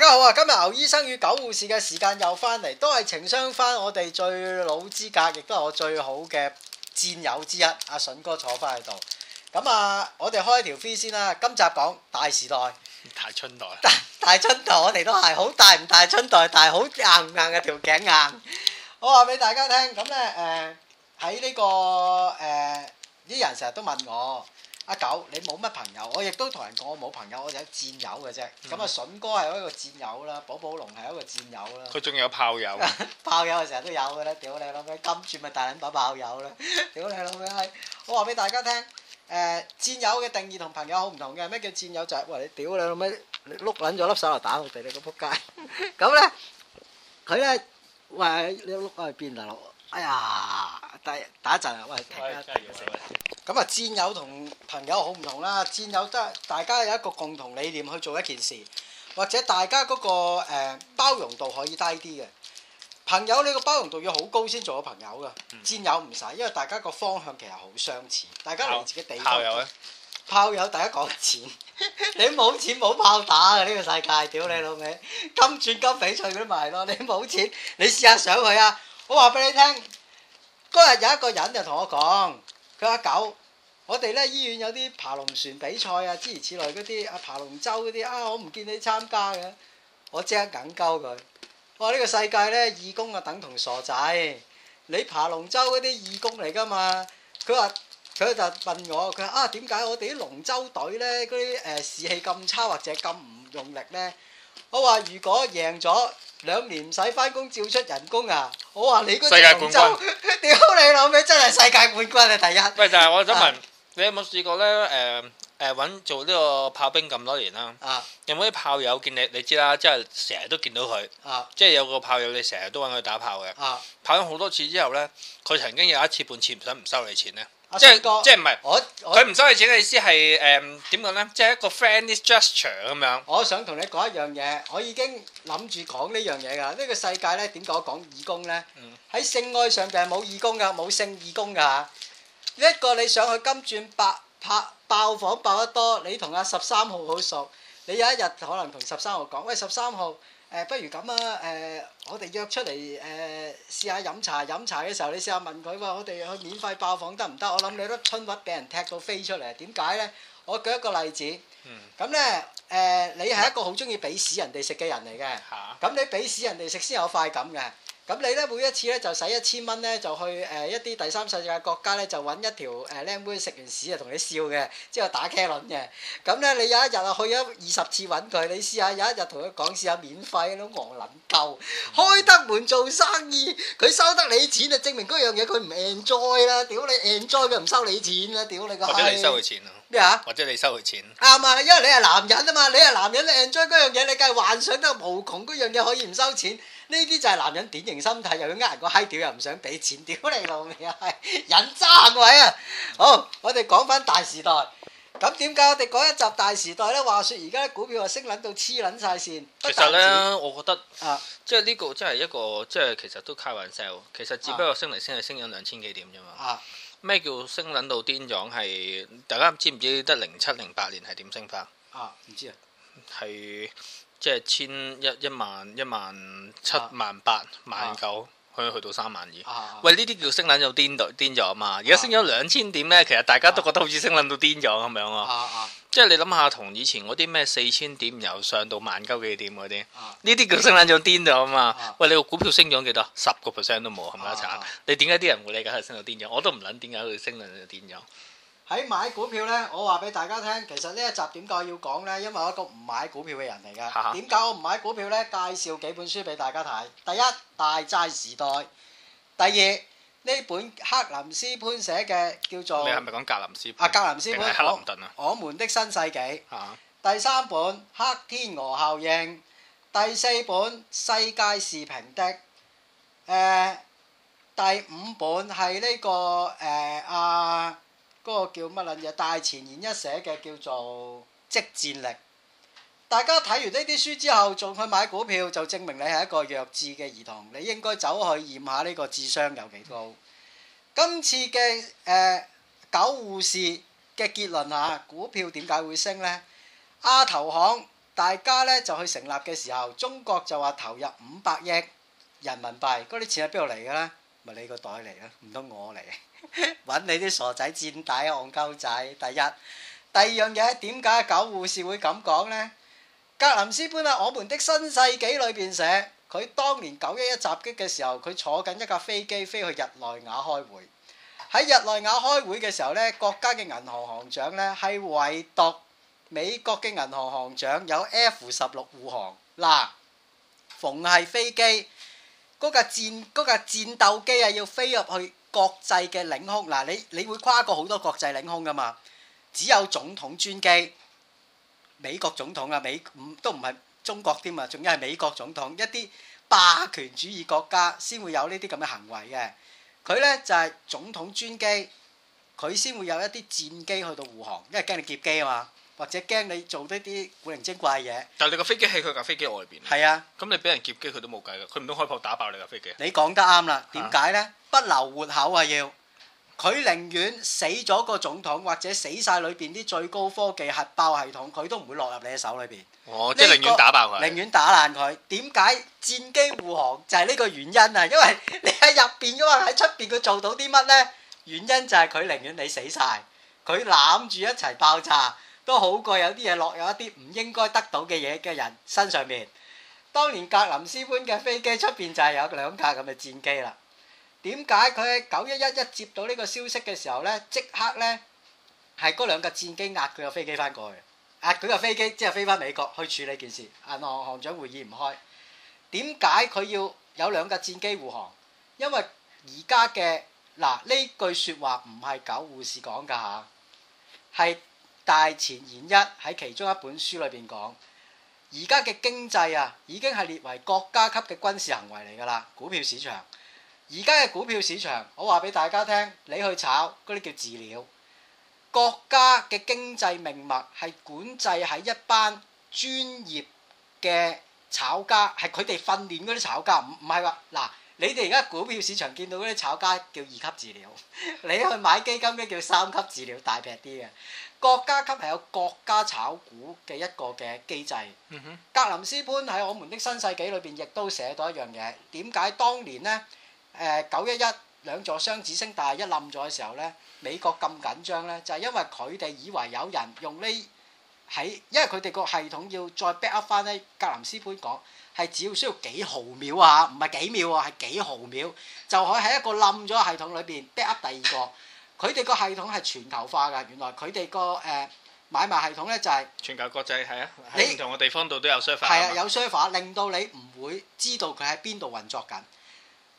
大家好啊！今日牛醫生與狗護士嘅時間又翻嚟，都係情商翻我哋最老資格，亦都係我最好嘅戰友之一阿笋、啊、哥坐翻喺度。咁啊，我哋開條片先啦。今集講大時代，大春代大，大春代，我哋都係好大唔大春代，但係好硬唔硬嘅條頸硬。 我話俾大家聽，咁咧誒喺呢、呃這個誒啲、呃、人成日都問我。阿九，你冇乜朋友，我亦都同人講我冇朋友，我就係戰友嘅啫。咁啊，筍哥係一個戰友啦，寶寶龍係一個戰友啦。佢仲有炮友。炮友啊，成日都有嘅啦。屌你老味，今次咪大撚把炮友啦。屌你老味，我話俾大家聽，誒戰友嘅定義同朋友好唔同嘅。咩叫戰友？就係喂，你屌你老味，你碌撚咗粒手嚟打我哋你個仆街。咁咧，佢咧話你碌我去邊大佬？哎呀，打打一陣啊，喂停啊！咁啊，戰友同朋友好唔同啦。戰友都係大家有一個共同理念去做一件事，或者大家嗰個誒包容度可以低啲嘅。朋友你個包容度要好高先做個朋友噶，戰友唔使，因為大家個方向其實好相似。大家嚟自己地方。炮友咧？炮友大家講錢，你冇錢冇炮打啊！呢個世界，屌你老味，金鑽金翡翠嗰啲咪係咯？你冇錢，你試下上去啊！我話俾你聽，嗰日有一個人就同我講，佢阿狗。我哋咧醫院有啲爬龍船比賽啊，諸如此類嗰啲啊，爬龍舟嗰啲啊，我唔見你參加嘅，我即刻緊鳩佢。我話呢個世界咧義工啊等同傻仔，你爬龍舟嗰啲義工嚟噶嘛？佢話佢就問我，佢話啊點解我哋啲龍舟隊咧嗰啲誒士氣咁差，或者咁唔用力咧？我話如果贏咗兩年唔使翻工，照出人工啊！我話你個世界冠軍，屌你老味真係世界冠軍啊第一。喂，就係我想問。 你有冇試過咧？誒誒揾做呢個炮兵咁多年啦，啊、有冇啲炮友見你？你知啦，即係成日都見到佢，啊、即係有個炮友你成日都揾佢打炮嘅。炮咗好多次之後咧，佢曾經有一次半次唔使唔收你錢咧，呃，即係即係唔係我佢唔收你錢嘅意思係誒點講咧？即係一個 friendly gesture 咁樣。我想同你講一樣嘢，我已經諗住講呢樣嘢噶。呢、呢個世界咧點講講義工咧？喺、嗯、性愛上邊冇義工噶，冇性義工噶。一個你想去金鑽拍，拍爆房爆得多，你同阿十三號好熟，你有一日可能同十三號講，喂十三號、呃，不如咁啊，誒、呃、我哋約出嚟誒試下飲茶，飲茶嘅時候你試下問佢話，我哋去免費爆房得唔得？我諗你粒春屈俾人踢到飛出嚟，點解呢？我舉一個例子，咁呢、嗯、誒、呃、你係一個好中意俾屎人哋食嘅人嚟嘅，咁、啊、你俾屎人哋食先有快感嘅。咁你咧每一次咧就使一千蚊咧就去誒、呃、一啲第三世界國家咧就揾一條誒僆妹食完屎就同你笑嘅，之後打茄輪嘅。咁咧你有一日去咗二十次揾佢，你試下有一日同佢講試下免費都我諗夠開得門做生意，佢收得你錢就證明嗰樣嘢佢唔 enjoy 啦，屌你 enjoy 佢唔收你錢啦，屌你個！或者你收佢錢啊？咩嚇？或者你收佢錢，錢？啱啊，因為你係男人啊嘛，你係男人你 enjoy 嗰樣嘢，你梗係幻想得無窮嗰樣嘢可以唔收錢。呢啲就係男人典型心態，又要呃人個閪屌，又唔想俾錢，屌你老味啊！人渣行為啊！好，我哋講翻大時代。咁點解我哋講一集大時代咧？話說而家啲股票啊升撚到黐撚晒線。其實咧，我覺得啊，即係呢個真係一個即係其實都開玩笑。其實只不過升嚟升去、啊、升緊兩千幾點啫嘛。啊，咩叫升撚到癲狀係？大家知唔知得零七零八年係點升法？啊，唔知啊。係。即係千一一萬一萬七萬八萬九，可以去到三萬二。喂，呢啲叫升撚癲到癲到咗啊嘛！而家升咗兩千點咧，其實大家都覺得好似升撚到癲咗咁樣哦。啊啊、即係你諗下，同以前嗰啲咩四千點由上到萬九幾點嗰啲，呢啲叫升撚癲到癲咗啊嘛！喂，你個股票升咗幾多？十個 percent 都冇，係咪一慘！啊啊、你點解啲人唔理解佢升到癲咗？我都唔諗點解佢升撚到癲咗。喺買股票呢，我話俾大家聽，其實呢一集點解要講呢？因為我一個唔買股票嘅人嚟嘅。點解我唔買股票呢？介紹幾本書俾大家睇。第一《大債時代》，第二呢本克林斯潘寫嘅叫做，你係咪講格林斯潘啊？格林斯潘，定係克林頓啊？我們的新世紀。嚇！第三本《黑天鵝效應》，第四本《世界是平的》，誒，第五本係呢個誒阿。嗰個叫乜撚嘢？大前研一寫嘅叫做即戰力。大家睇完呢啲書之後，仲去買股票，就證明你係一個弱智嘅兒童。你應該走去驗下呢個智商有幾高。今次嘅誒、呃、九護士嘅結論啊，股票點解會升呢？亞、啊、投行大家呢，就去成立嘅時候，中國就話投入五百億人民幣，嗰啲錢喺邊度嚟嘅呢？咪你個袋嚟咯，唔通我嚟揾你啲傻仔墊底戇鳩仔？第一，第二樣嘢點解九護士會咁講呢？格林斯潘喺《我們的新世紀》裏邊寫，佢當年九一一襲擊嘅時候，佢坐緊一架飛機飛去日內瓦開會。喺日內瓦開會嘅時候呢，國家嘅銀行行長呢係唯獨美國嘅銀行行長有 F 十六護航嗱，逢係飛機。嗰架戰嗰架、那個、戰鬥機啊，要飛入去國際嘅領空嗱，你你會跨過好多國際領空㗎嘛？只有總統專機，美國總統啊，美都唔係中國添啊，仲要係美國總統，一啲霸權主義國家先會有呢啲咁嘅行為嘅。佢呢就係、是、總統專機，佢先會有一啲戰機去到護航，因為驚你劫機啊嘛。或者驚你做啲啲古靈精怪嘢，但係你個飛機喺佢架飛機外邊，係啊，咁你俾人劫機佢都冇計嘅，佢唔通開炮打爆你架飛機？你講得啱啦，點解呢？不留活口啊！要佢寧願死咗個總統，或者死曬裏邊啲最高科技核爆系統，佢都唔會落入你嘅手裏邊。哦，即係寧願打爆佢，寧願打爛佢。點解戰機護航就係呢個原因啊？因為你喺入邊嘅話，喺出邊佢做到啲乜呢？原因就係佢寧願你死曬，佢攬住一齊爆炸。都好過有啲嘢落入一啲唔應該得到嘅嘢嘅人身上面。當年格林斯潘嘅飛機出邊就係有兩架咁嘅戰機啦。點解佢喺九一一一接到呢個消息嘅時候咧，即刻咧係嗰兩架戰機壓佢個飛機翻過去，壓佢個飛機之後飛翻美國去處理件事。銀行行長會議唔開，點解佢要有兩架戰機護航？因為而家嘅嗱，呢句説話唔係搞護士講㗎吓，係。大前研一喺其中一本書裏邊講，而家嘅經濟啊已經係列為國家級嘅軍事行為嚟噶啦。股票市場，而家嘅股票市場，我話俾大家聽，你去炒嗰啲叫飼料。國家嘅經濟命脈係管制喺一班專業嘅炒家，係佢哋訓練嗰啲炒家。唔，唔係話嗱，你哋而家股票市場見到嗰啲炒家叫二級飼料，你去買基金咩叫三級飼料，大劈啲嘅。國家級係有國家炒股嘅一個嘅機制。格林斯潘喺我們的新世紀裏邊亦都寫到一樣嘢，點解當年咧誒九一一兩座雙子星大廈一冧咗嘅時候咧，美國咁緊張咧，就係因為佢哋以為有人用呢喺，因為佢哋個系統要再 back up 翻咧。格林斯潘講係只要需要幾毫秒啊，唔係幾秒啊，係幾毫秒就可以喺一個冧咗嘅系統裏邊 back up 第二個。佢哋個系統係全球化㗎，原來佢哋個誒買賣系統咧就係全球國際係啊，喺唔同嘅地方度都有 server，係啊有 server，令到你唔會知道佢喺邊度運作緊。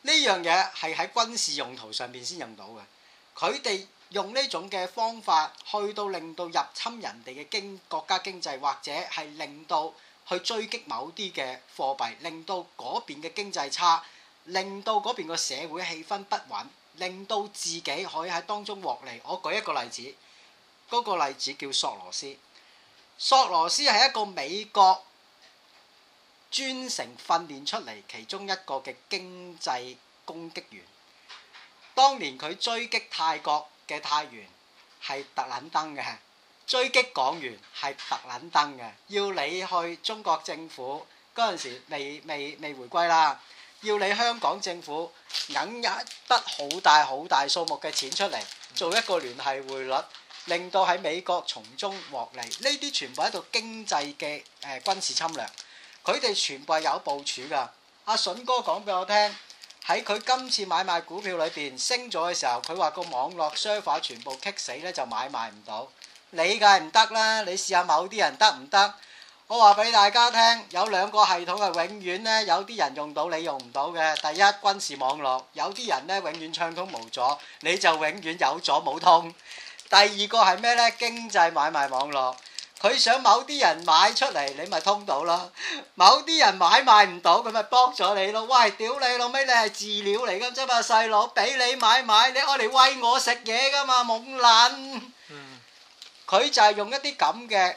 呢樣嘢係喺軍事用途上邊先用到嘅。佢哋用呢種嘅方法去到令到入侵人哋嘅經國家經濟，或者係令到去追擊某啲嘅貨幣，令到嗰邊嘅經濟差，令到嗰邊個社會氣氛不穩。令到自己可以喺當中獲利。我舉一個例子，嗰、那個例子叫索羅斯。索羅斯係一個美國專程訓練出嚟其中一個嘅經濟攻擊員。當年佢追擊泰國嘅泰元係特撚登嘅，追擊港元係特撚登嘅，要你去中國政府嗰陣、那個、時未未未回歸啦。要你香港政府揞一得好大好大數目嘅錢出嚟，做一個聯繫匯率，令到喺美國從中獲利。呢啲全部係一個經濟嘅誒軍事侵略，佢哋全部係有部署噶。阿筍哥講俾我聽，喺佢今次買賣股票裏邊升咗嘅時候，佢話個網絡 server 全部棘死咧，就買賣唔到，你梗係唔得啦。你試下某啲人得唔得？我話俾大家聽，有兩個系統係永遠呢，有啲人用到你用唔到嘅。第一，軍事網絡，有啲人呢永遠暢通無阻，你就永遠有阻冇通。第二個係咩呢？經濟買賣網絡，佢想某啲人買出嚟，你咪通到咯。某啲人買賣唔到，佢咪幫咗你咯。喂，屌你老味，你係飼料嚟噶，即係個細路俾你買買，你愛嚟餵我食嘢噶嘛，懵撚。嗯，佢就係用一啲咁嘅。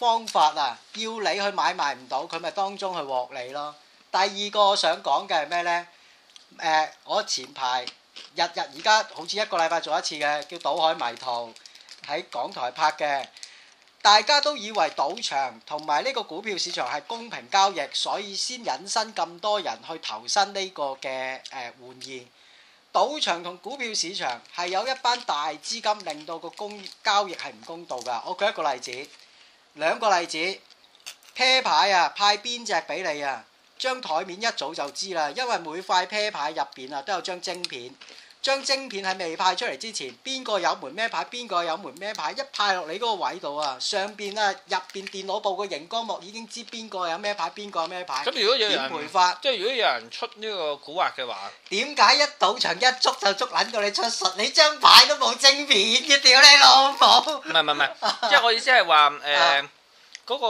方法啊，要你去買賣唔到，佢咪當中去獲利咯。第二個我想講嘅係咩咧？誒，我前排日日而家好似一個禮拜做一次嘅叫《賭海迷途》，喺港台拍嘅，大家都以為賭場同埋呢個股票市場係公平交易，所以先引申咁多人去投身呢個嘅誒玩意。賭場同股票市場係有一班大資金令到個公交易係唔公道㗎。我舉一個例子。兩個例子，啤牌啊，派邊隻俾你啊？張枱面一早就知啦，因為每塊啤牌入邊啊，都有張晶片。張晶片係未派出嚟之前，邊個有門咩牌，邊個有門咩牌，一派落你嗰個位度啊！上邊啊，入邊電腦部個熒光幕已經知邊個有咩牌，邊個咩牌。咁如果有人，法即係如果有人出呢個古惑嘅話，點解一賭場一捉就捉撚到你出術？你張牌都冇晶片嘅屌你老母！唔係唔係唔係，即係、 就是、我意思係話誒。呃啊嗰個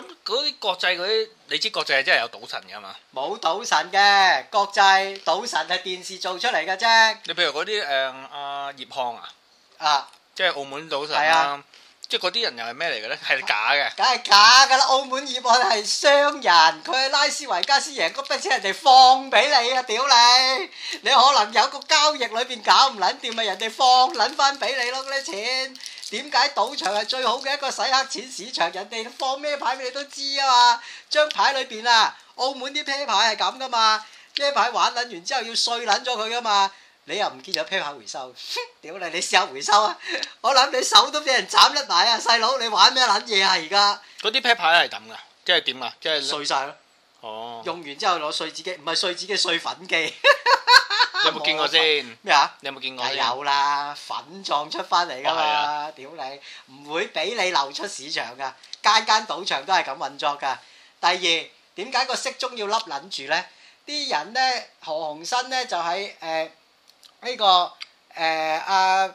咁嗰啲國際嗰啲，你知國際係真係有賭神㗎嘛？冇賭神嘅，國際賭神係電視做出嚟嘅啫。你譬如嗰啲誒阿葉漢啊，啊，即係澳門賭神啦，即係嗰啲人又係咩嚟嘅咧？係假嘅。梗係假㗎啦！澳門葉漢係商人，佢喺拉斯維加斯贏嗰筆錢，人哋放俾你啊！屌你，你可能有個交易裏邊搞唔撚掂，咪人哋放撚翻俾你咯嗰啲錢。點解賭場係最好嘅一個洗黑錢市場？人哋放咩牌俾你都知啊嘛！張牌裏邊啊，澳門啲啤牌係咁噶嘛？啤牌玩捻完之後要碎捻咗佢噶嘛？你又唔見有啤牌回收？屌 你！你試下回收啊？我諗你手都俾人斬甩埋啊！細佬，你玩咩捻嘢啊？而家嗰啲啤牌係咁噶，即係點啊？即係碎晒咯。哦。用完之後攞碎紙機，唔係碎紙機，碎粉機。 你有冇見過先？咩啊？你有冇見過？有啦，粉狀出翻嚟噶嘛？屌你，唔會俾你流出市場噶。間間賭場都係咁運作噶。第二，點解個骰盅要笠捻住咧？啲人咧，何鴻燊咧就係誒呢個誒阿。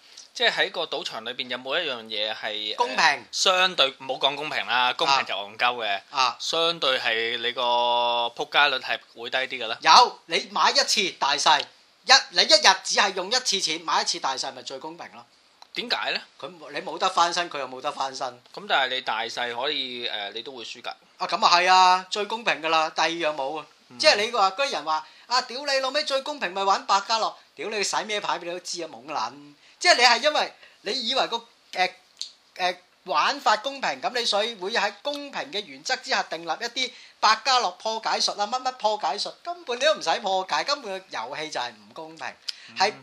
即係喺個賭場裏邊有冇一樣嘢係公平？相對唔好講公平啦，公平就戇鳩嘅。啊，相對係你個撲街率係會低啲嘅喇。有你買一次大細一，你一日只係用一次錢買一次大細，咪最公平咯？點解咧？佢你冇得翻身，佢又冇得翻身。咁但係你大細可以誒，你都會輸㗎。啊，咁啊係啊，最公平㗎啦。第二樣冇啊，即係你話嗰啲人話啊，屌你老味最公平咪玩百家樂？屌你使咩牌俾你都知啊，懵撚～即係你係因為你以為個誒誒玩法公平，咁你所以會喺公平嘅原則之下訂立一啲百家樂破解術啦，乜乜破解術，根本你都唔使破解，根本個遊戲就係唔公平。係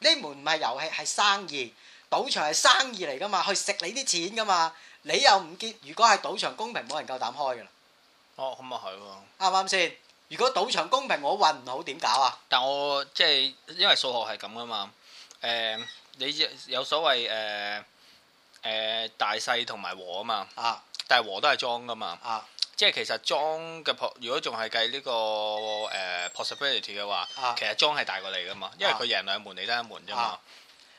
呢門唔係遊戲，係生意，賭場係生意嚟㗎嘛，去食你啲錢㗎嘛，你又唔結。如果係賭場公平，冇人夠膽開㗎啦。哦，咁啊係喎，啱唔啱先？如果賭場公平，我運唔好點搞啊？但我即係因為數學係咁㗎嘛，誒。你有所謂誒誒、呃呃、大細同埋和啊嘛，啊但係和都係莊噶嘛，啊、即係其實莊嘅如果仲係計呢個誒、呃、possibility 嘅話，啊、其實莊係大過你噶嘛，因為佢贏兩門你得一門啫嘛，啊、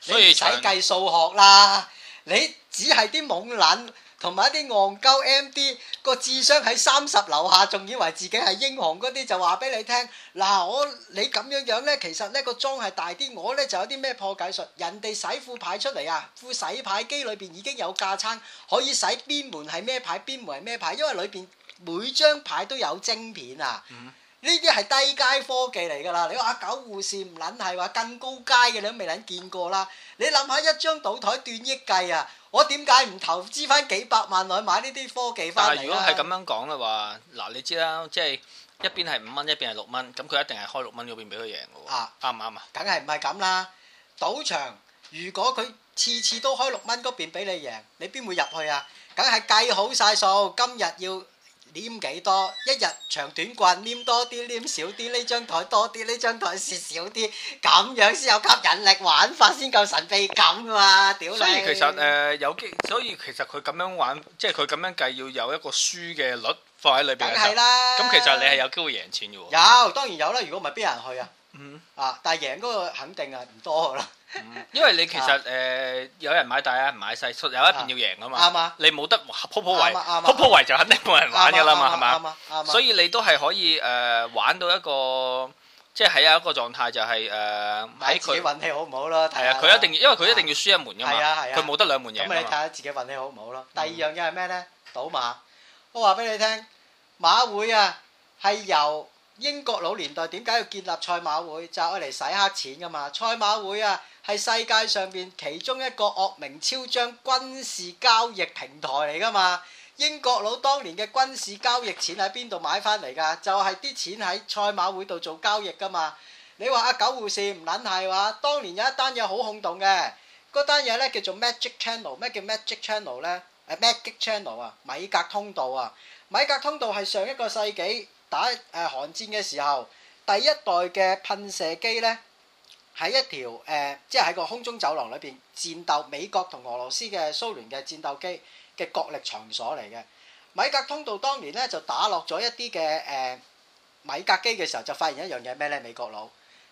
所以唔使計數學啦，你只係啲懵撚。同埋一啲戇鳩 M D 個智商喺三十樓下，仲以為自己係英雄嗰啲，就話俾你聽嗱，我你咁樣樣呢，其實呢個莊係大啲。我呢就有啲咩破解術，人哋洗副牌出嚟啊，副洗牌機裏邊已經有架撐，可以洗邊門係咩牌，邊門係咩牌，因為裏邊每張牌都有晶片啊。嗯呢啲係低階科技嚟㗎啦，你話阿九護士唔撚係話更高階嘅，你都未撚見過啦。你諗下一張賭台，斷億計啊！我點解唔投資翻幾百萬去買呢啲科技翻嚟。但如果係咁樣講嘅話，嗱，你知啦，即係一邊係五蚊，一邊係六蚊，咁佢一定係開六蚊嗰邊俾佢贏嘅喎。啊，啱唔啱啊？梗係唔係咁啦？賭場如果佢次次都開六蚊嗰邊俾你贏，你邊會入去啊？梗係計好晒數，今日要黏幾多？一日長短棍黏多啲、黏少啲。呢張台多啲，呢張台蝕少啲。咁樣先有吸引力，玩法先夠神秘感啊。屌，所以其實誒、呃、有機，所以其實佢咁樣玩，即係佢咁樣計要有一個輸嘅率放喺裏邊。梗係啦。咁其實你係有機會贏錢嘅喎。有，當然有啦。如果唔係邊有人去啊？嗯，啊！但係贏嗰個肯定係唔多噶啦，因為你其實誒有人買大，有人買細，有一邊要贏噶嘛。啱啊！你冇得鋪鋪圍，鋪鋪圍就肯定冇人玩噶啦嘛，係嘛？啱啊！啱啊！所以你都係可以誒玩到一個，即係喺有一個狀態就係誒，睇自己運氣好唔好咯。係啊，佢一定因為佢一定要輸一門噶嘛，佢冇得兩門贏。咁你睇下自己運氣好唔好咯。第二樣嘢係咩咧？賭馬，我話俾你聽，馬會啊係由。英國佬年代點解要建立賽馬會？就係、是、嚟洗黑錢噶嘛！賽馬會啊，係世界上邊其中一個惡名昭彰軍事交易平台嚟噶嘛！英國佬當年嘅軍事交易錢喺邊度買返嚟噶？就係、是、啲錢喺賽馬會度做交易噶嘛！你話阿狗護士唔撚係話，當年有一單嘢好轟動嘅，嗰單嘢咧叫做 Magic Channel, mag channel。咩、啊、叫 Magic Channel 咧？誒 Magic Channel 啊，米格通道啊，米格通道係上一個世紀。打誒韓戰嘅時候，第一代嘅噴射機咧，喺一條誒，即係喺個空中走廊裏邊戰鬥，美國同俄羅斯嘅蘇聯嘅戰鬥機嘅角力場所嚟嘅。米格通道當年咧就打落咗一啲嘅誒米格機嘅時候，就發現一樣嘢咩咧？美國佬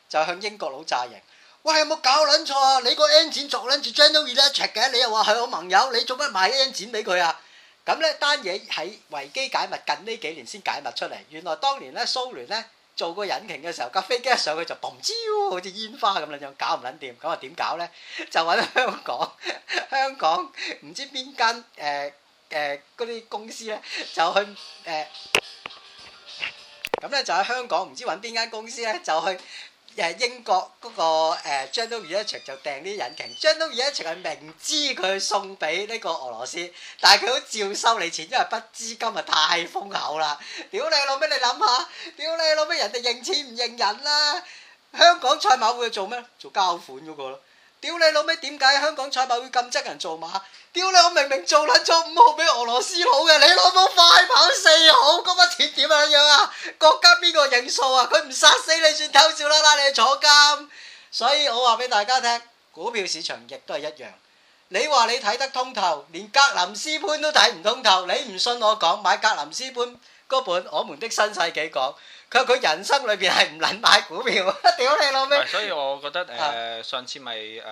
就向英國佬炸營。喂，有冇搞撚錯啊？你個 N 展作撚住 General Electric 嘅，你又話係我朋友，你做乜買 N 展俾佢啊？咁呢單嘢喺維基解密近呢幾年先解密出嚟，原來當年咧蘇聯咧做過引擎嘅時候，架飛機一上去就嘣唔知，好似煙花咁樣樣，搞唔撚掂。咁啊點搞呢？就揾香港，香港唔知邊間誒誒嗰啲公司咧，就去誒。咁咧就喺香港，唔知揾邊間公司咧，就去。誒英國嗰個誒張東義一場就訂啲引擎，張東義一場係明知佢送俾呢個俄羅斯，但係佢都照收你錢，因為筆資金啊太豐厚啦！屌你老味，你諗下，屌你老味，人哋認錢唔認人啦，啊！香港賽馬會做咩？做交款嗰個咯。屌你老味，點解香港賽馬會咁憎人做馬？屌你我明明做捻咗五號俾俄羅斯佬嘅，你攞我快跑四號，嗰筆錢點樣樣啊？國家邊個認數啊？佢唔殺死你算偷笑啦，拉你坐監。所以我話俾大家聽，股票市場亦都係一樣。你話你睇得通透，連格林斯潘都睇唔通透。你唔信我講，買格林斯潘嗰本《我們的新世紀》講。佢話佢人生裏邊係唔能買股票，屌你老味！唔係，所以我覺得誒上次咪誒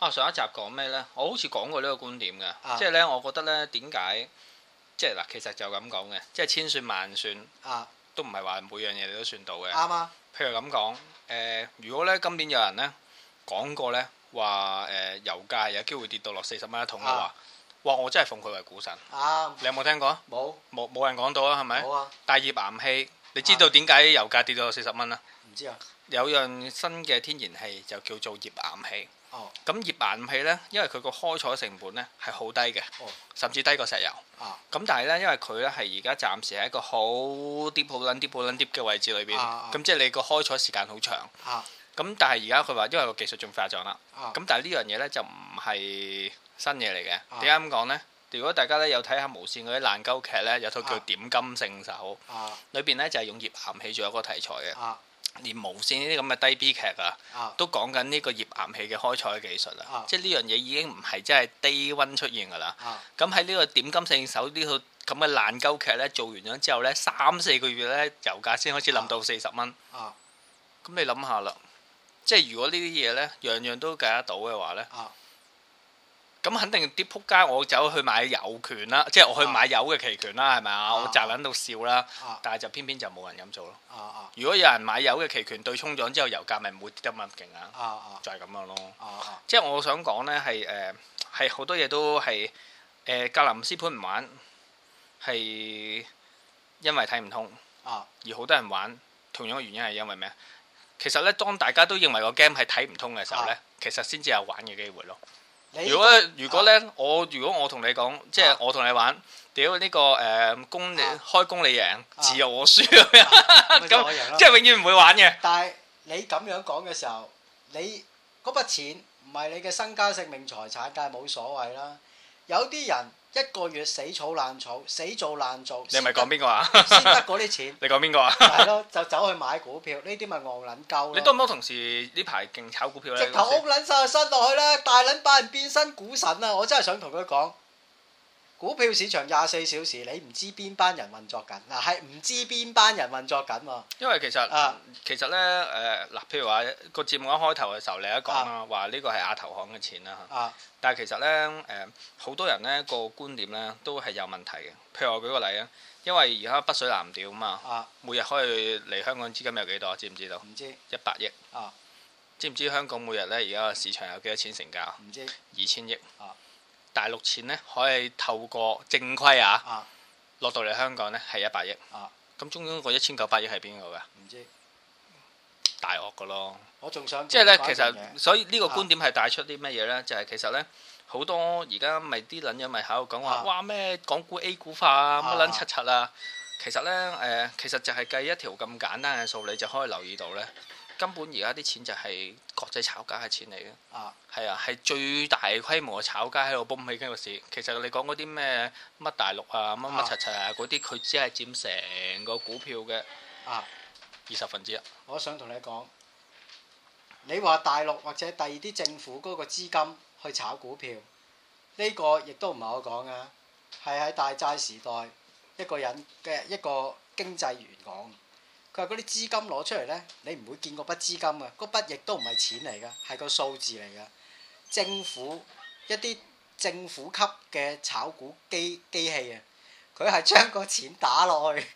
啊上一集講咩咧？我好似講過呢個觀點嘅，即係咧，我覺得咧點解即係嗱，其實就咁講嘅，即係千算萬算都唔係話每樣嘢你都算到嘅。啱啊！譬如咁講誒，如果咧今年有人咧講過咧話誒，油價有機會跌到落四十蚊一桶嘅話，哇！我真係奉佢為股神。啱，你有冇聽過？冇冇冇人講到啊？係咪？冇啊！大頁岩氣。你知道點解油價跌到四十蚊啦？唔知啊，有樣新嘅天然氣就叫做頁岩氣。哦，咁頁岩氣呢，因為佢個開採成本呢係好低嘅。哦、甚至低過石油。咁、啊、但係呢，因為佢呢係而家暫時喺一個好啲、好深啲、好深啲嘅位置裏邊。咁、啊啊啊、即係你個開採時間好長。咁、啊、但係而家佢話因為個技術仲進化咗啦。咁、啊、但係呢樣嘢呢，就唔係新嘢嚟嘅。點解咁講呢？如果大家咧有睇下無線嗰啲爛鳩劇咧，有套叫《點金勝手》，裏邊咧就係用頁岩氣做一個題材嘅，連無線呢啲咁嘅低 B 劇啊，都講緊呢個頁岩氣嘅開採技術啦，啊、即係呢樣嘢已經唔係真係低溫出現㗎啦。咁喺呢個《點金勝手》呢套咁嘅爛鳩劇咧做完咗之後咧，三四個月咧油價先開始冧到四十蚊。咁、啊啊、你諗下啦，即係如果呢啲嘢咧樣樣都計得到嘅話咧。啊啊咁肯定啲仆街，我走去買油權啦，啊、即係我去買油嘅期權啦，係咪啊？我就賺到笑啦，啊、但係就偏偏就冇人咁做咯。啊啊、如果有人買油嘅期權對沖咗之後，油價咪唔會跌得咁勁啊！啊就係咁樣咯。啊啊、即係我想講呢，係誒係好多嘢都係誒、呃、格林斯潘唔玩，係因為睇唔通。啊、而好多人玩，同樣嘅原因係因為咩？其實呢，當大家都認為個 game 係睇唔通嘅時候呢，其實先至有玩嘅機會咯。如果如果咧，啊、我如果我同你講，即係我同你玩，屌呢、啊這個誒，公、呃、你開工你贏，啊、自由我輸咁樣，咁即係永遠唔會玩嘅、啊。但係你咁樣講嘅時候，你嗰筆錢唔係你嘅身家性命財產，梗係冇所謂啦。有啲人。一個月死炒爛炒，死做爛做，你係咪講邊個啊？先 得嗰啲錢。你講邊個啊？係 咯，就走去買股票，呢啲咪戇撚鳩。你多唔多同事呢排勁炒股票咧？直頭屋撚晒身落去啦， 大撚把人變身股神啊！我真係想同佢講。股票市場廿四小時，你唔知邊班人運作緊，嗱係唔知邊班人運作緊喎。因為其實啊，其實咧誒嗱，譬如話個節目一開頭嘅時候講，你一講啦，話呢個係亞投行嘅錢啦嚇。啊！啊但係其實咧誒，好多人咧個觀點咧都係有問題嘅。譬如我舉個例啊，因為而家北水南調啊嘛，每日可以嚟香港資金有幾多？知唔知道？唔知一百億。啊！知唔知香港每日咧而家市場有幾多錢成交？唔知二千億。啊！大陸錢咧可以透過正規啊，落到嚟香港咧係一百億。咁、啊、中央個一千九百億係邊個㗎？唔知大鱷㗎囉。我仲想講即係咧，其實所以呢個觀點係帶出啲咩嘢咧？啊、就係其實咧好多而家咪啲撚友咪喺度講話，啊、哇咩港股 A 股化啊，乜撚七,七七啊。其實咧誒、呃，其實就係計一條咁簡單嘅數，你就可以留意到咧。根本而家啲錢就係國際炒家嘅錢嚟嘅，係啊，係、啊、最大規模嘅炒家喺度 boom 起呢個市。其實你講嗰啲咩乜大陸啊乜乜柒柒啊嗰啲，佢只係佔成個股票嘅、啊、二十分之一。我想同你講，你話大陸或者第二啲政府嗰個資金去炒股票，呢、這個亦都唔係我講啊，係喺大債時代一個人嘅一,一個經濟預案。佢嗰啲資金攞出嚟咧，你唔會見嗰筆資金嘅，嗰筆亦都唔係錢嚟嘅，係個數字嚟嘅。政府一啲政府級嘅炒股機機器啊，佢係將個錢打落去，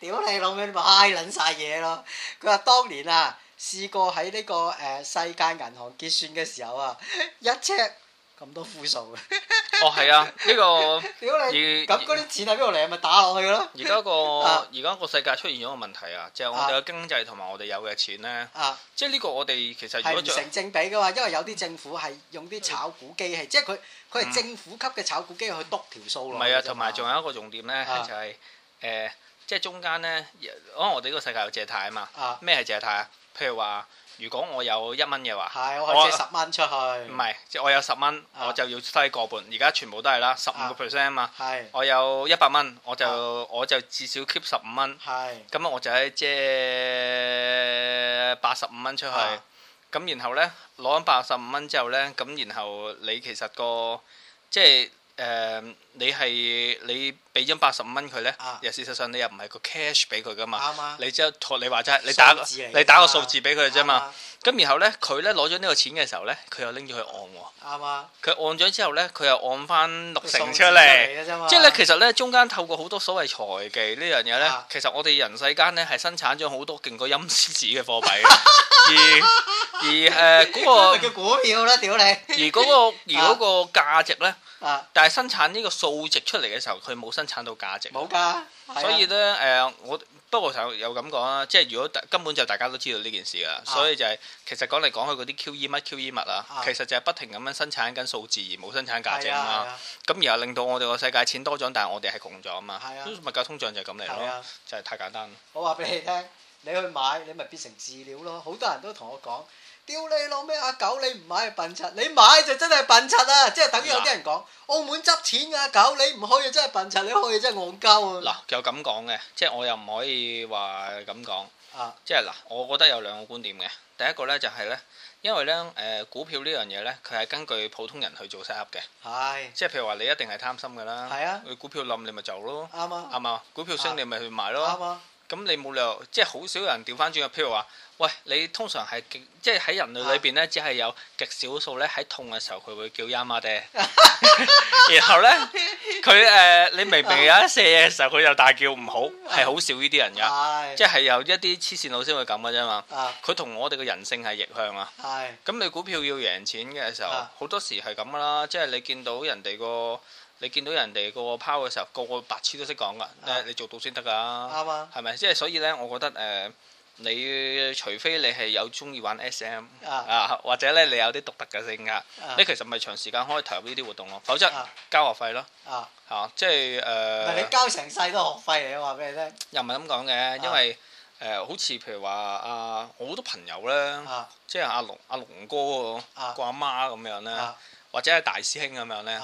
屌你老味，你咪嗌撚晒嘢咯！佢話當年啊，試過喺呢、這個誒、呃、世界銀行結算嘅時候啊，一車。咁多負數嘅， 哦係啊，呢、呢個 你而咁嗰啲錢喺邊度嚟？咪打落去咯。而 家、個而家、啊、個世界出現咗個問題、就係、啊，就我哋嘅經濟同埋我哋有嘅錢咧，即係呢個我哋其實如果做成正比嘅嘛。因為有啲政府係用啲炒股機器，嗯、即係佢佢係政府級嘅炒股機去督條數咯。唔係、嗯、啊，同埋仲有一個重點咧，啊、就係、是、誒、呃，即係中間咧，可能我哋呢個世界有借貸啊嘛。咩係借貸啊？譬如話。如果我有一蚊嘅話，的我借十蚊出去。唔係，即我有十蚊，我就要低過半。而家全部都係啦，十五個 percent 啊嘛。我有一百蚊，我就我就至少 keep 十五蚊。咁樣是的 我就係借八十五蚊出去。咁是的 然後呢，攞緊八十五蚊之後呢，咁然後你其實個即係。誒，你係你俾張八十蚊佢咧？又事實上你又唔係個 cash 俾佢噶嘛？啱！你之後託你話齋，你打你打個數字俾佢嘅啫嘛。咁然後咧，佢咧攞咗呢個錢嘅時候咧，佢又拎咗去按喎。啱！佢按咗之後咧，佢又按翻六成出嚟。即係咧，其實咧，中間透過好多所謂財技呢樣嘢咧，其實我哋人世間咧係生產咗好多勁過陰司紙嘅貨幣。而而誒嗰個叫股票啦，屌你！而嗰個而嗰個價值咧。啊！但係生產呢個數值出嚟嘅時候，佢冇生產到價值。冇㗎的，所以咧誒是的、呃，我不過有咁講啦，即係如果根本就大家都知道呢件事㗎，是的 所以就係、是、其實講嚟講去嗰啲 QE 乜 QE 物啊，其實就係不停咁樣生產緊數字而冇生產價值啊嘛。咁然後令到我哋個世界錢多咗，但係我哋係窮咗啊嘛。係啊，物價通脹就係咁嚟咯，就係太簡單。我話俾你聽，你去買，你咪變成飼料咯。好多人都同我講。屌你老味，阿狗你唔買係笨柒，你買就真係笨柒啊！即係等於有啲人講澳門執錢啊，狗，你唔去真係笨柒，你去真係戇鳩啊。嗱，又咁講嘅，即係我又唔可以話咁講。啊，即係嗱，我覺得有兩個觀點嘅。第一個咧就係咧，因為咧誒股票呢樣嘢咧，佢係根據普通人去做 set up 嘅。係。即係譬如話你一定係貪心㗎啦。係啊。佢股票冧你咪做咯。啱啊。啱啊。股票升你咪去買咯。啱啊。咁你冇理由，即係好少人調翻轉嘅。譬如話，喂，你通常係極，即係喺人類裏邊咧，是只係有極少數咧喺痛嘅時候佢會叫「啊媽爹」。然後咧佢誒，你明明有得射嘅時候佢又大叫唔好，係好 少呢啲人噶，是即係有一啲黐線佬先會咁嘅啫嘛。佢同是我哋嘅人性係逆向啊。咁是你股票要贏錢嘅時候，好是多時係咁噶啦，即係你見到人哋個。你見到人哋個個拋嘅時候，個個白痴都識講噶，你做到先得噶，啱啊，係咪？即係所以咧，我覺得誒，你除非你係有中意玩 SM 啊，或者咧你有啲獨特嘅性格，你其實咪長時間可以投入呢啲活動咯，否則交學費咯，嚇，即係誒。唔係你交成世都學費嚟，我話俾你聽。又唔係咁講嘅，因為誒，好似譬如話啊，我好多朋友咧，即係阿龍阿龍哥個阿媽咁樣咧，或者係大師兄咁樣咧。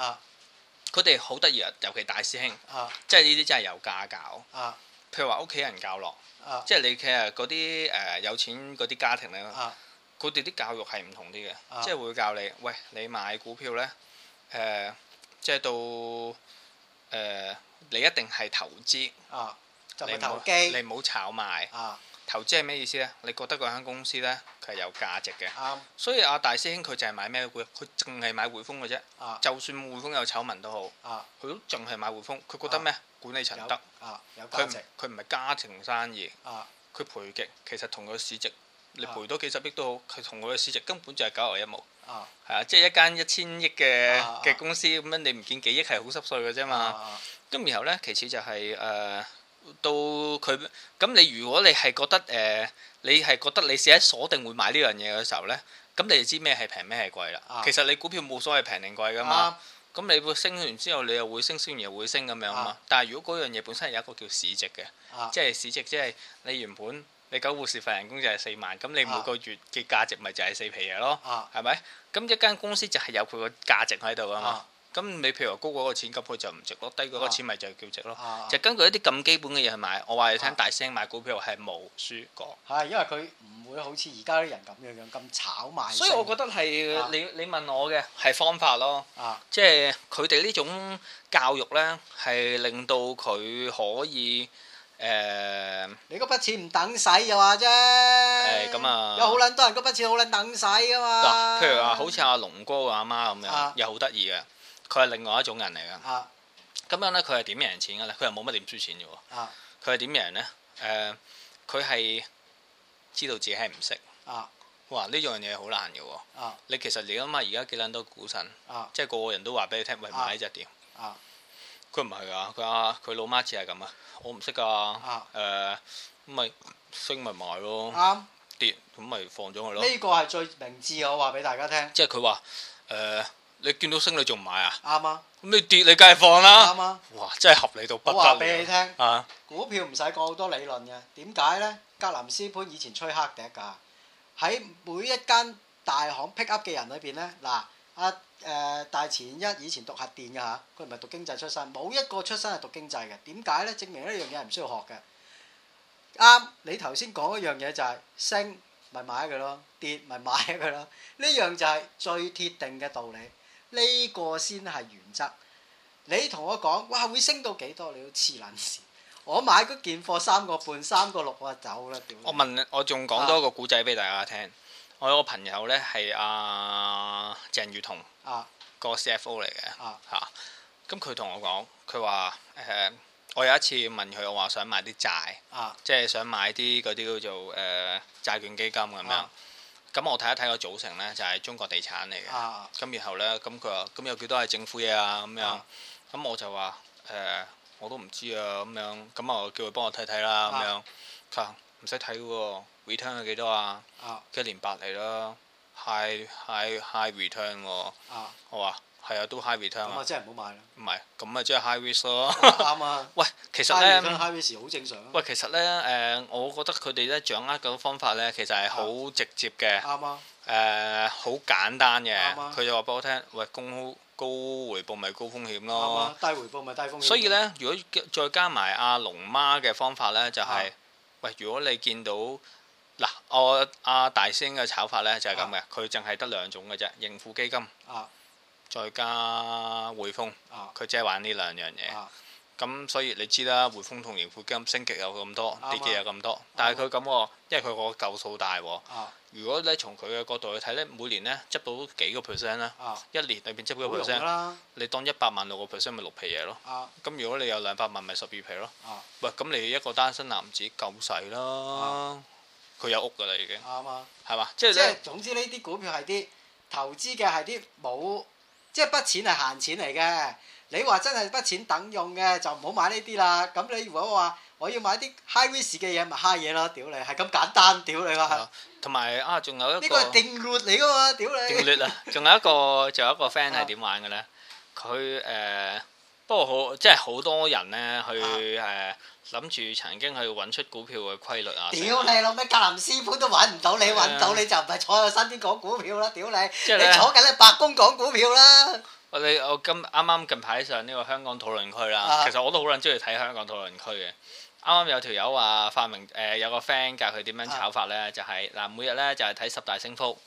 佢哋好得意啊，尤其大師兄，啊、即係呢啲真係有家教。啊、譬如話屋企人教落，啊、即係你其實嗰啲誒有錢嗰啲家庭咧，佢哋啲教育係唔同啲嘅，啊、即係會教你，喂，你買股票咧，誒、呃，即係到誒、呃，你一定係投資，啊、就唔係投機，你唔好炒賣。啊。投資係咩意思呢？你覺得嗰間公司呢，佢係有價值嘅。所以阿大師兄佢就係買咩股？佢淨係買匯豐嘅啫。啊。就算匯豐有醜聞都好。啊。佢都淨係買匯豐，佢覺得咩？管理層得。啊。有價值。佢唔係家庭生意。啊。佢賠極，其實同佢市值，你賠多幾十億都好，佢同佢嘅市值根本就係九牛一毛。啊。係啊，即係一間一千億嘅嘅公司咁樣，你唔見幾億係好濕碎嘅啫嘛。啊。咁然後呢，其次就係誒。到佢咁，你如果你係覺得誒、呃，你係覺得你試喺鎖定會買呢樣嘢嘅時候呢，咁你就知咩係平咩係貴啦。其實你股票冇所謂平定貴噶嘛。咁你會升完之後，你又會升，升完又會升咁樣啊嘛。但係如果嗰樣嘢本身係有一個叫市值嘅，即係市值，即係你原本你九護士份人工就係四萬，咁你每個月嘅價值咪就係四皮嘢咯，係咪？咁一間公司就係有佢個價值喺度噶嘛。咁你譬如話高嗰個錢咁，佢就唔值；落低嗰個錢咪就叫值咯。啊、就根據一啲咁基本嘅嘢去買。我話你聽，啊、大聲買股票係冇輸過。係、啊，因為佢唔會好似而家啲人咁樣樣咁炒賣。所以我覺得係、啊、你你問我嘅係方法咯。啊，即係佢哋呢種教育咧，係令到佢可以誒。呃、你嗰筆錢唔等使又話啫。咁、呃、啊，有好撚多人嗰筆錢好撚等使噶嘛。嗱、啊，譬如話好似阿龍哥阿媽咁樣，又好得意嘅。佢係另外一種人嚟噶，咁樣咧佢係點贏錢嘅咧？佢又冇乜點輸錢嘅喎。佢係點贏咧？誒，佢係知道自己係唔識。哇！呢樣嘢好難嘅喎。你其實你諗下，而家幾撚多股神，即係個個人都話俾你聽，喂，買咪隻碟。佢唔係啊，佢阿佢老媽子係咁啊，我唔識噶。誒，咁咪升咪買咯。啱。跌咁咪放咗佢咯。呢個係最明智，我話俾大家聽。即係佢話誒。你見到升你仲唔買啊？啱啊！咁你跌你梗係放啦。啱啊！哇，真係合理到不得了。我話俾你聽啊，股票唔使講好多理論嘅。點解呢？格林斯潘以前吹黑笛噶，喺每一間大行 pick up 嘅人裏邊呢，嗱，阿誒大前一以前讀核電㗎吓，佢唔係讀經濟出身，冇一個出身係讀經濟嘅。點解呢？證明一樣嘢係唔需要學嘅。啱，你頭先講一樣嘢就係升咪買佢咯，跌咪買佢咯。呢樣就係最鐵定嘅道理。呢個先係原則。你同我講，哇，會升到幾多？你都黐撚線。我買件貨三個半，三個六，我就走啦。點？我問，我仲講多個古仔俾大家聽。啊、我有個朋友呢，係、呃、阿鄭裕彤，個 CFO 嚟嘅嚇。咁佢同我講，佢話誒，我有一次問佢，我話想買啲債，啊、即係想買啲嗰啲叫做誒、呃、債券基金咁樣。啊咁我睇一睇個組成咧，就係、是、中國地產嚟嘅。咁、啊、然後咧，咁佢話咁有幾多係政府嘢啊？咁樣咁、啊、我就話誒、呃，我都唔知啊。咁樣咁啊，叫佢幫我睇睇啦。咁樣佢唔使睇喎，return 係幾多啊？一、啊啊、年八釐啦，high high high return 喎。啊，好啊。係啊，都 high return。咁啊，即係唔好買啦。唔係，咁啊，即係 high risk 咯。啱啊。喂，其實咧，high return high risk 好正常咯。喂，其實咧，誒，我覺得佢哋咧掌握嗰種方法咧，其實係好直接嘅。啱啊。誒、呃，好簡單嘅。佢、啊、就話俾我聽：，喂，高高回報咪高風險咯。啊、低回報咪低風險。所以咧，如果再加埋阿龍媽嘅方法咧、就是，就係、啊：，喂，如果你見到嗱，我阿大師兄嘅炒法咧就係咁嘅，佢淨係得兩種嘅啫，盈富基金。啊。再加匯豐，佢只係玩呢兩樣嘢，咁所以你知啦，匯豐同盈富基金升極有咁多，跌極有咁多，但係佢咁喎，因為佢個嚿數大喎。如果咧從佢嘅角度去睇咧，每年咧執到幾個 percent 咧，一年裏邊執幾個 percent，你當一百萬六個 percent 咪六皮嘢咯。咁如果你有兩百萬咪十二皮咯。喂，咁你一個單身男子夠使啦，佢有屋㗎啦已經，係嘛？即係總之呢啲股票係啲投資嘅係啲冇。即係一筆錢係閒錢嚟嘅，你話真係筆錢等用嘅就唔好買呢啲啦。咁你如果話我要買啲 high risk 嘅嘢，咪 high 嘢咯，屌你，係咁簡單，屌你咯！同埋啊，仲有一個，呢個定律嚟噶喎，屌你！定律啊，仲有一個，仲 有一個 friend 係點玩嘅咧？佢誒、啊。不過好，即係好多人呢去誒諗住曾經去揾出股票嘅規律啊！屌 你老咩，格林斯潘都揾唔到，你揾到你就唔係坐喺身邊講股票啦！屌你，你坐緊喺白宮講股票啦！我哋，我今啱啱近排上呢個香港討論區啦，啊、其實我都好撚中意睇香港討論區嘅。啱啱有條友話發明，誒有個 friend 教佢點樣炒法呢？就係嗱每日呢，就係睇十大升幅，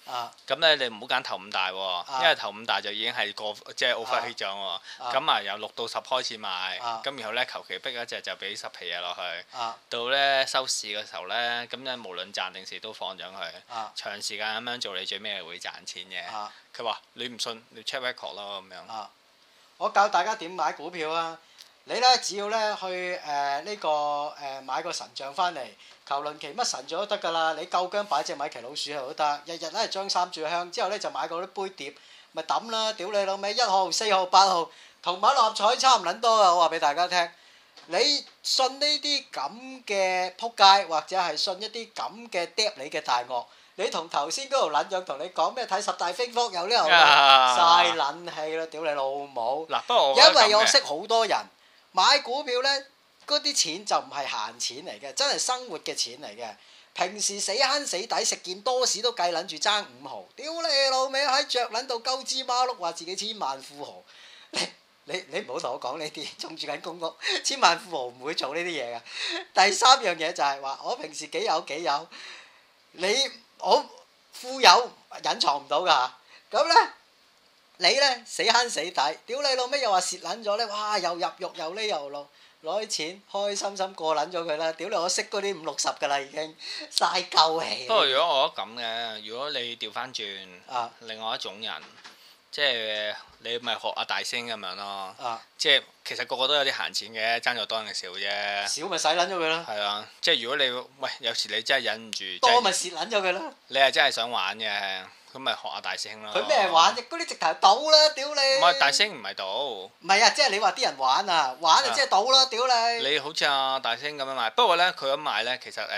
咁咧你唔好揀頭五大，因為頭五大就已經係過，即係 overheated 喎。咁啊由六到十開始買，咁然後呢，求其逼一隻就俾十皮嘢落去，到呢收市嘅時候呢，咁呢，無論賺定是都放咗佢，長時間咁樣做你最尾會賺錢嘅。佢話你唔信，你 check record 咯咁樣。我教大家點買股票啊！你咧只要咧去誒呢個誒買個神像翻嚟求麟奇，乜神像都得㗎啦，你夠姜擺隻米奇老鼠又都得，日日咧張三炷香之後咧就買嗰啲杯碟咪揼啦，屌你老味一號四號八號同埋六合彩差唔撚多啊！我話俾大家聽，你信呢啲咁嘅撲街或者係信一啲咁嘅屌你嘅大鱷，你同頭先嗰度撚樣同你講咩睇十大風火又呢又咩嘥撚氣啦！屌你老母嗱，不過我因為我識好多人。買股票呢，嗰啲錢就唔係閒錢嚟嘅，真係生活嘅錢嚟嘅。平時死慳死抵，食件多士都計撚住爭五毫，屌你老味，喺着撚到鳩支馬碌，話自己千萬富豪。你你你唔好同我講呢啲，仲住緊公屋，千萬富豪唔會做呢啲嘢㗎。第三樣嘢就係話，我平時幾有幾有，你我富有隱藏唔到㗎嚇，咁咧。你咧死慳死抵，屌你老咩又話蝕撚咗咧！哇，又入肉又呢又路攞啲錢，開心心過撚咗佢啦！屌你，我識嗰啲五六十噶啦，已經晒夠氣。不過如果我都咁嘅，如果你調翻轉，啊、另外一種人，即係你咪學阿大星咁樣咯。啊、即係其實個個都有啲閒錢嘅，爭咗多定少啫。少咪使撚咗佢咯。係啊，即係如果你喂有時你真係忍唔住，多咪蝕撚咗佢咯。你係真係想玩嘅。佢咪學下大師兄啦！佢咩玩啫？啲、啊、直頭賭啦，屌你！唔係大師兄唔係賭。唔係啊，即係你話啲人玩啊，玩就即係賭啦，屌你的！了你好似阿大師兄咁樣買，不過咧佢咁買咧，其實誒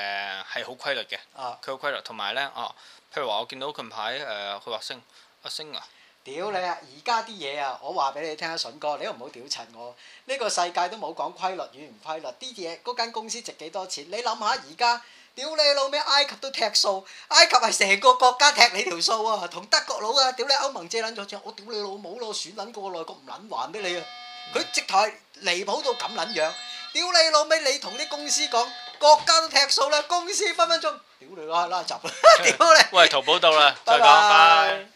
係好規律嘅、啊。啊！佢好規律同埋咧，哦，譬如話我見到近排誒佢話升，啊升啊！屌你啊！而家啲嘢啊，我話俾你聽啊，順哥，你都唔好屌襯我。呢、呢個世界都冇講規律與唔規律啲嘢，嗰間公司值幾多錢？你諗下而家。屌你老味，埃及都踢數，埃及係成個國家踢你條數啊！同德國佬啊，屌你歐盟借撚咗錢，我屌你老母咯，損撚過我內國唔撚還俾你啊！佢直頭係離譜到咁撚樣，屌你老味，你同啲公司講，國家都踢數啦，公司分分鐘屌你啦，拉閘啦，屌你！喂，淘寶到啦，再講拜拜。